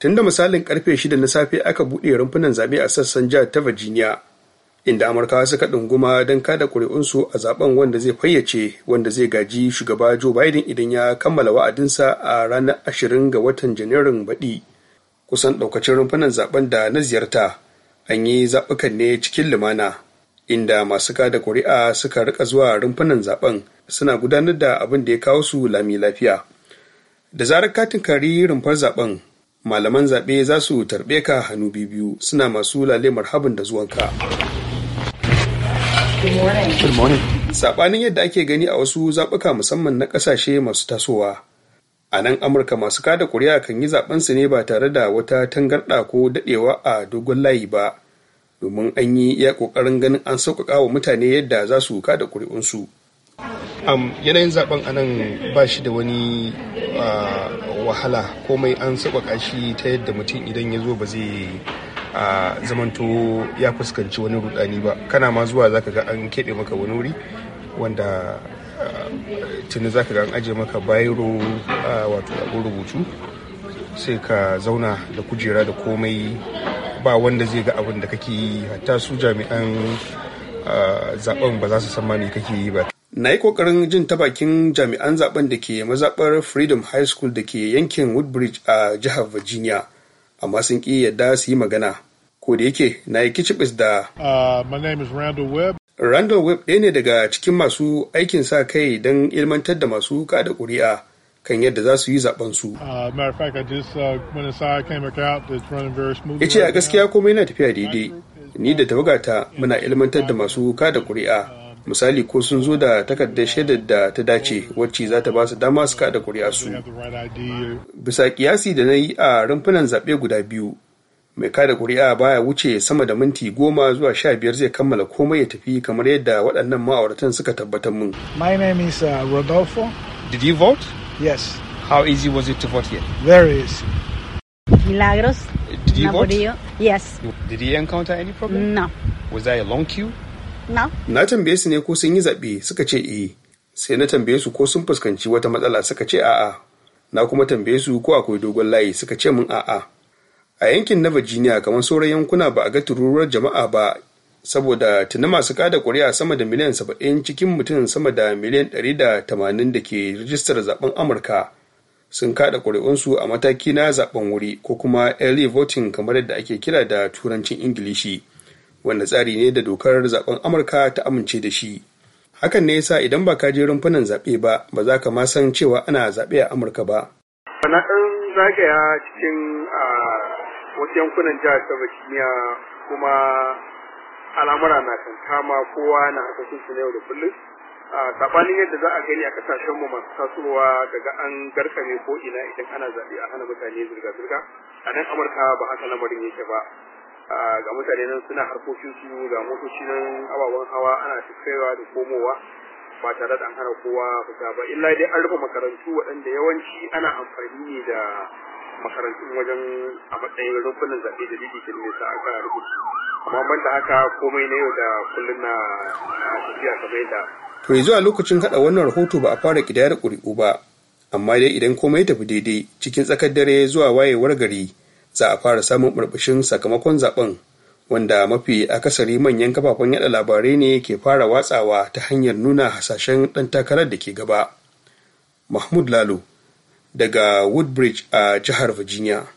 tun da misalin karfe shida na safe aka buɗe rumfunan zaɓe a sassan jihar ta virginia inda amurkawa suka ɗunguma don kada ƙuri'unsu a zaben wanda zai fayyace wanda zai gaji shugaba joe biden idan ya kammala wa'adinsa a ranar ashirin ga watan janairun baɗi kusan ɗaukacin rumfunan zaben da na ziyarta an yi zaɓukan ne cikin lumana inda masu kada ƙuri'a suka rika zuwa rumfunan zaben suna gudanar da abin da ya kawo su lami lafiya da zarar katin kari rumfar zaben malaman zaɓe za su tarbe ka hannu biyu suna masu lalemar habin da zuwanka saɓanin yadda ake gani a wasu zaɓuka musamman na ƙasashe masu tasowa a nan amurka masu kada ƙuri'a kan yi zaɓensu ne ba tare da wata tangarɗa ko daɗewa a dogon layi ba domin an yi ya ƙoƙarin ganin an sauƙaƙa wa mutane yadda za su kada ƙuri'unsu. um, yanayin zaben anan ba shi da wani uh, wahala komai an sauƙaƙa shi ta yadda mutum idan ya zo ba zai zamanto ya fuskanci wani rudani ba kana ma zuwa zaka ga an keɓe maka wani wuri wanda tuni zaka ga an aje maka bayro wato abin rubutu sai ka zauna da kujera da komai ba wanda zai ga abin da kake yi hatta su jami'an zaben ba za su san ma me kake yi ba na yi kokarin jin ta bakin jami'an zaben da ke mazaɓar freedom high school da ke yankin woodbridge a jihar virginia amma sun ƙi yadda su yi magana ko da yake na yi kicibis da uh, my name is randall webb randall ɗaya ne daga cikin masu aikin sa kai don ilmantar da masu kada ƙuri'a kan yadda za su yi zaben su uh, uh, ya ce a gaskiya komai yana tafiya daidai ni da tawagata muna ilmantar da masu kada ƙuri'a misali ko sun zo da takardar shaidar da ta dace wacce za ta ba su dama su kada kuri'a su bisa kiyasi da na yi a rumfunan zaɓe guda biyu mai kada kuri'a baya wuce sama da minti goma zuwa sha biyar zai kammala komai ya tafi kamar yadda waɗannan ma'auratan suka tabbatar min. My name is uh, Rodolfo. Did you vote? Yes. How easy was it to vote here? Very easy. Milagros. Did you vote? Yes. Did you encounter any problem? No. Was there a long queue? Na tambaye su ne ko sun yi zaɓe suka ce eh. Sai na tambaye su ko sun fuskanci wata matsala suka ce a'a. Na kuma tambaye su ko akwai dogon layi suka ce mun a'a. A yankin na Virginia kamar sauran yankuna ba a ga tururuwar jama'a ba saboda tuni masu kada ƙuri'a sama da miliyan saba'in cikin mutum sama da miliyan ɗari da tamanin da ke rijistar zaben Amurka sun kada ƙuri'unsu a mataki na zaben wuri ko kuma early voting kamar yadda ake kira da turancin Ingilishi. wanda tsari ne da dokar zaben amurka ta amince da shi hakan ne yasa idan ba ka je rumfunan zaɓe ba ba za ka ma san cewa ana zaɓe a amurka ba na ɗan zagaya cikin wasu yankunan jihar ta virginia kuma al'amura na kan kama kowa na harkokin su na yau da kullum a saɓanin yadda za a gani a kasashen mu masu tasowa daga an garkame ko ina idan ana zaɓe a hana mutane zirga-zirga a nan amurka ba haka lamarin yake ba ga mutane nan suna harkokin su ga motoci nan ababen hawa ana kaiwa da komowa ba tare da an hana kowa fita ba illa dai an rufe makarantu waɗanda yawanci ana amfani ne da makarantun wajen a matsayin rumfunan zaɓe da bibikin nesa aka rubuta amma ban da haka komai na yau da kullum na tafiya kamar yadda to yanzu a lokacin haɗa wannan rahoto ba a fara ƙidayar ƙuri'u ba amma dai idan komai ya tafi daidai cikin tsakar dare zuwa wayewar gari za a fara samun burbushin sakamakon zaben wanda mafi akasari manyan kafafen yada labarai ne ke fara watsawa ta hanyar nuna hasashen dan takarar da ke gaba mahmud lalo daga woodbridge a jihar virginia